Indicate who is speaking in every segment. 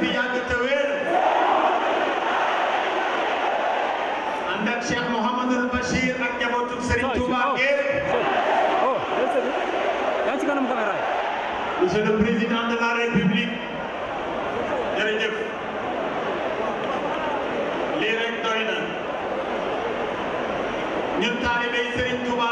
Speaker 1: fi yàgg te wér ànd ak Cheikh Mouhamadul Bachir ak njabootu Serigne Touba oh, oh, Monsieur le Président de la République jërëjëf lii rek doy na ñun taalibe Serigne Touba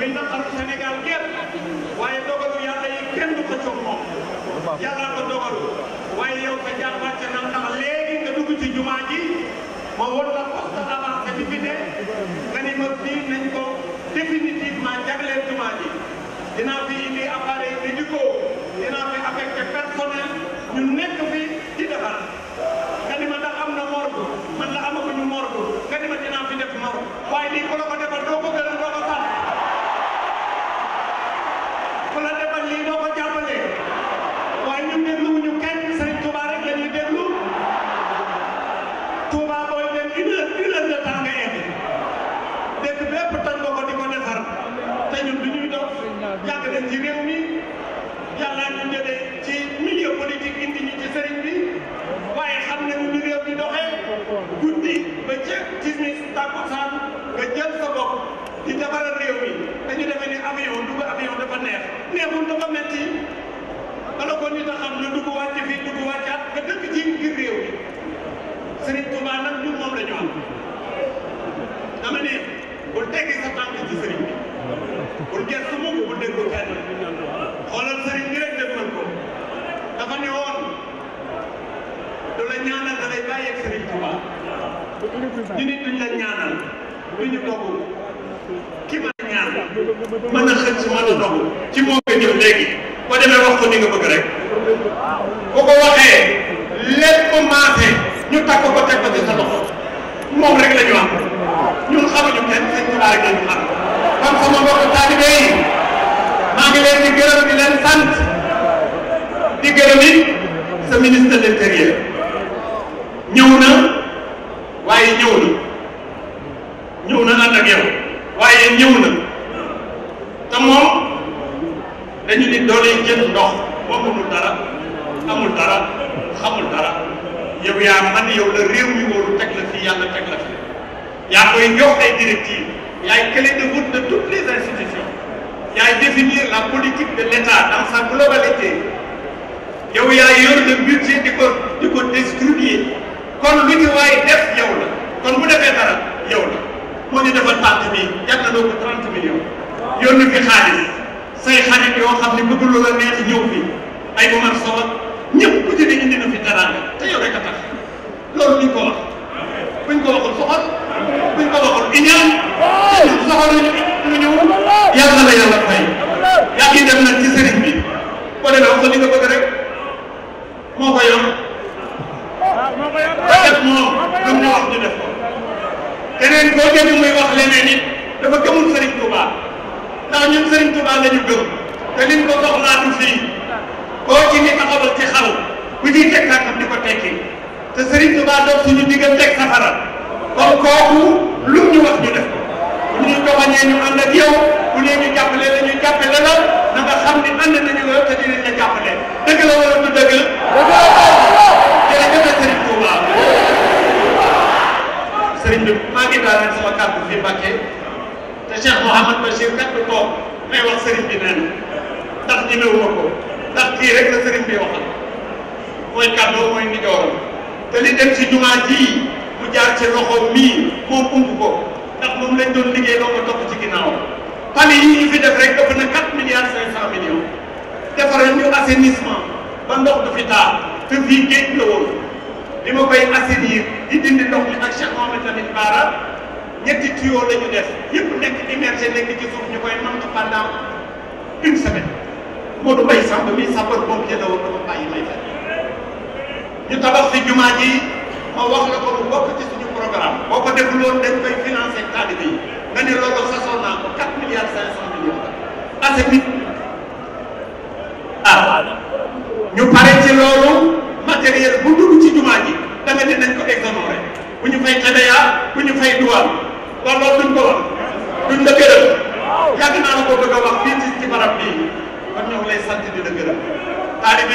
Speaker 1: li naqaru Sénégal kenn waaye dogalu yàlla yi kenn du ko coow yàlla ko dogalu waaye yow sa jaar wàcc na ndax léegi nga dugg ci jumaa ji ma won la poste avancé bi fi ne nañ ko définitivement jagleel jumaa ji dinaa fi indi appareil médicaux dinaa fi affecté personnel ñu nekk fi di defar nga ni am na morgue man la amaguñu morgue nga ni ma dinaa fi def morgue waaye lii def ci réew mi yàllaa ñu jëlee ci milieu politique indi ñu ci sëriñ bi waaye xam nañu ni réew di doxee guddi ba ceeb timis tàkkusaan nga jël sa bopp di defaral réew mi dañu defee ni avion dugg avion dafa neex neexul dafa metti bala ko nit a xam ne dugg wàcc fii dugg wàcc ñu nit dogu ki mën a ñaan mën a xëcc mën a dogu ci moo koy ñëw léegi boo demee wax ko ni nga bëgg rek bu ko waxee lépp maase ñu takk ko teg ko ci sa loxo moom rek la am ñun xamuñu kenn sëñ Tuubaa rek la ñu
Speaker 2: xam sama mbokku
Speaker 1: taalibe yi maa ngi leen di gërëm di leen sant di gërëm it sa ministre de ñëw na. waaye ñëw na ñëw na ànd ak yow waaye ñëw na te moom dañu di doole jël ndox waxumul dara amul dara xamul dara yow yaa man yow la réew mi wóolu teg la fii yàlla teg la fi yaa koy jox ay directives yaay clé de voûte de toutes les institutions yaay définir la politique de l'État dans sa globalité yow yaa yor le budget di ko di ko discuter kon lu ñu waay def yow la kon bu defee dara yow la moo ñu defal parti bi yàgg na ko trente millions yónni fi xaalis say xarit yoo xam ne bëggul la neex ñëw fi ay Omar Sow ak ñëpp ku jëne indi na fi teraanga te yow rek a tax loolu ñu ko wax buñ ko waxul soxor buñ ko waxul iñaan te ñun soxor ñu ñëw yàlla la yàlla fay yaa ngi dem nag ci sëriñ bi boo demee wax ko li nga bëgg rek moo ko yor ah, moo ko yor moo keneen boo dégg muy wax leneen it dafa gëmul sëriñ Touba ndax ñun sëriñ Touba la ñu gëm te liñ ko soxlaatu fii koo ci ni taxawal ci xaru bu ñuy teg tànkam di ko tekki te sëriñ Touba dox suñu diggante ak safara kon kooku lu ñu wax ñu def ko bu ñu joxañee ñu ànd ak yow bu nee ñu jàppale la ñu jàppale la na nga xam ni ànd nañu la te dinañ sëriñ bi maa ngi daaneel sama kàddu fi Mbàkke te Cheikh Mouhamad Bachir kat du toog may wax sëriñ bi nee na ndax ñemewu ma ko ndax kii rek la sëriñ bi waxal mooy kàddoo mooy ni jooram te li dem ci jumaa ji mu jaar ci loxo mii moom umb ko ndax moom lañ doon liggéey loo ko topp ci ginnaawam pali yi ñu fi def rek ëpp na 4 milliards 500 millions defaral ñu assainissement ba ndox du fi taa te fii géej la woon li ma koy assainir di dindi ndox mi ak Cheikh Mohamed Lamine Bara ñetti tuyaux la def yëpp nekk immergé nekk ci suuf ñu koy mën pendant une semaine Modou Mbaye Samb mi sapeur pompier la woon dama bàyyi may fekk ñu tabax si jumaa ji ma wax la ko mu bokk ci suñu programme boo ko def loolu dañ koy financé taalibe yi nga ne loolu sasoon naa ko 4 milliards 500 millions la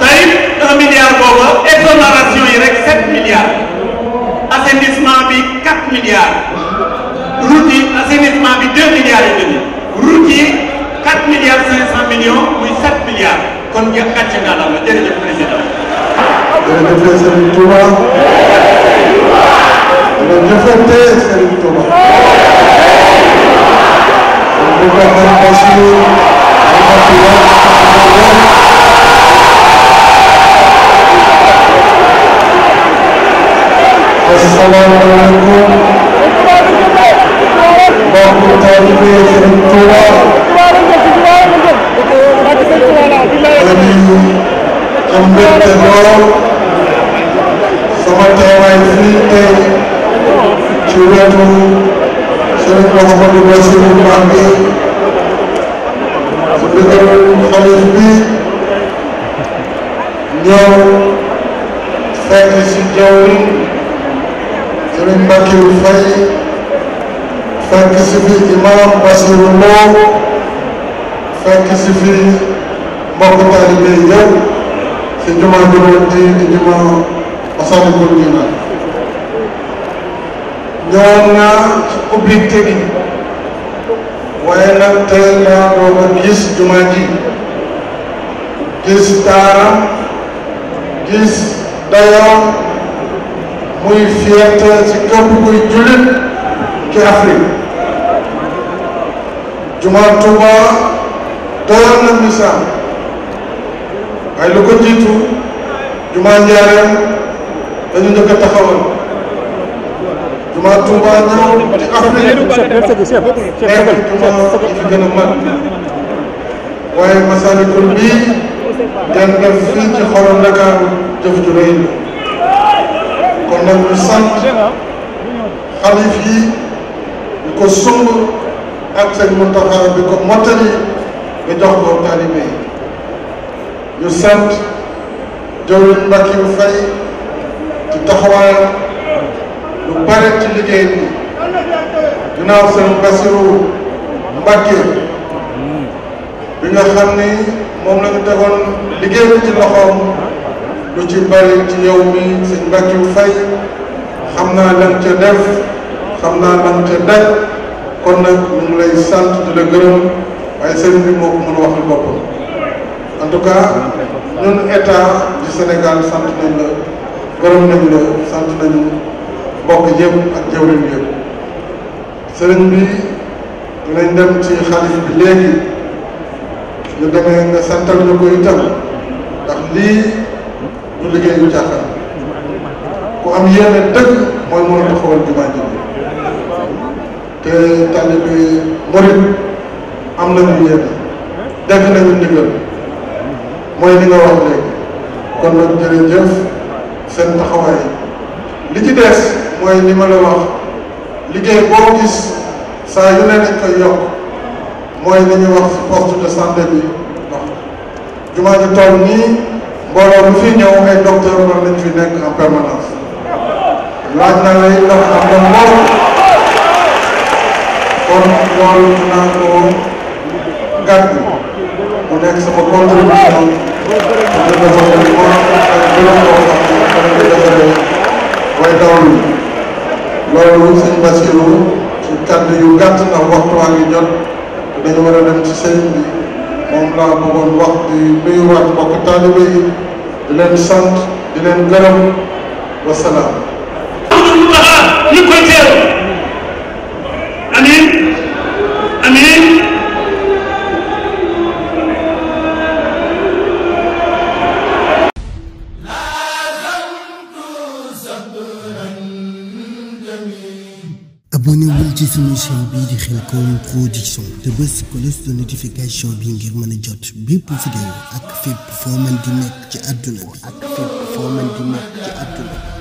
Speaker 1: tey un milliard booba exonération yi rek sept milliards assainissement bi quatre milliards route yi assainissement bi deux milliards et demi route yi quatre milliards cinq cent millions muy sept milliards kon nga gàcce nga la jërëjëf président. jërëjëf
Speaker 2: Serigne Touba. jërëjëf Serigne Touba. am mbégte lool sama teewaay fii tey ci wetu Serigne Mouhamadou Bassirou Mbacké ci ndigalul xalif bi ñëw fekk si jawriñ Serigne Mbacké Faye fekk si fi imam Bassirou Mbow fekk si fi mbokk taalibe yëpp ci juma juróom ci juma Massalikul Jinaan ñëwoon naa ci ubbite waaye nag tey laa doog gis juma ji gis daara gis dayoo muy fierté ci képp kuy jullit ci Afrique juma Tuuba doyoon na misaal waaye lu ko jiitu jumaa njaareem dañu njëkk a taxawal jumaa Tuuba ñëw ci Afrique nekk jumaa yi gën a mag
Speaker 1: waaye Masalikul bii
Speaker 2: daan def fii ci xolu Ndakaaru jëf ju rëy la kon nag ñu sant xalif yi ñu ko sumb ak seen Muntaxa bi ko mottali nga jox ko taalibe yi ñu sant jawriñ Mbackiou Faye ci taxawaayam lu bare ci liggéey bi ginnaaw sëñ Bassirou Mbacke bi nga xam ni moom la ñu tegoon liggéey bi ci loxoom lu ci bari ci yow mi sëñ Mbackiou Faye xam naa lan ca def xam naa lan ca def kon nag ñu lay sant di la gërëm waaye sëñ bi moo ko mën a wax lu boppam en tout cas ñun état du Sénégal sant nañ la gërëm nañ la sant nañ bokk yëpp ak jëwriñ yëpp sëriñ bi dinañ dem ci xalif bi léegi ñu demee nga santal ñu ko itam ndax lii du liggéeyu caaxaan ku am yéene dëgg mooy mën a taxawal jumaa ji te talibi murit am nañu yéene def nañu ndigal moy li nga wax léegi kon nag jërëjëf seen taxawaay li ci des mooy li ma la wax liggéey boo gis saa yu ne dañ koy yokk mooy li ñu wax porte de santé bi ndax jumaa ji toll nii mbooloo lu fi ñëw ay docteur war nañ fi nekk en permanence laaj na lay ndax am na mbool kon loolu dinaa ko gàtt next support program way daw loolu sëñ Bassirou ci kàddu yu gàtt ndax waxtu waa ngi jot dañu war a dem ci sëñ bi moom laa bëggoon wax di nuyuwaat mbokk taalibe di leen sant di
Speaker 1: amin amin
Speaker 2: abonné wul ci suñu chaîne bii di Khelcom production te bés cloche de notification bi ngir mën a jot bépp vidéo ak fépp foo di nekk ci àdduna bi ak fépp foo di nekk ci àdduna